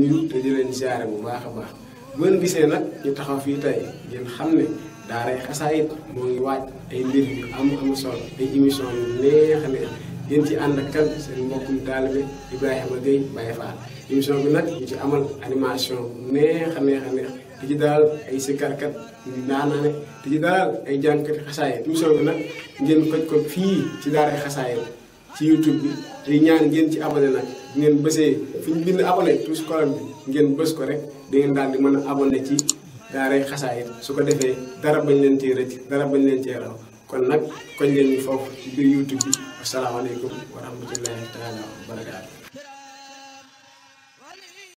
nuyu te di leen ziare bu baax a baax bu ngeen gisee nag ñu taxaw fii tey ngeen xam ne daaray xasaayit moo ngi waaj ay mbir yu am am solo ay émission yu neex a neex ngeen ci ànd ak kan seen mbokkum émission bi nag ñu ci amal animation neex a neex a neex di ci dalal ay sikarkat ñu daanaane di ci dalal ay jànkati xasaayit émission bi nag gen koj ko fii ci daaray xasaayit ci YouTube bi tey ñaan ngeen ci abonné nag ngeen bësee fi ñu bind abonné tous colonne bi ngeen bës ko rek di ngeen daal di mën a abonné ci daaray xasaayit su ko defee dara bañ leen cee rëcc dara bañ leen cee kon nag koñ leen ñu foofu ci biir YouTube bi asalaamaaleykum wa rahmatullahi taala wa barakaatu